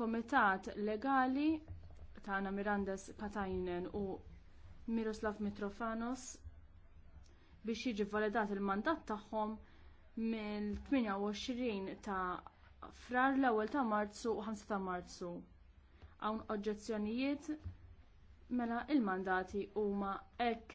il-Komitat Legali tagħna Mirandes Patajnen u Miroslav Mitrofanos biex jiġi validat il-mandat tagħhom mill-28 ta' frar l-ewwel ta' Marzu u 5 ta' Marzu. Hawn oġġezzjonijiet mela il-mandati huma hekk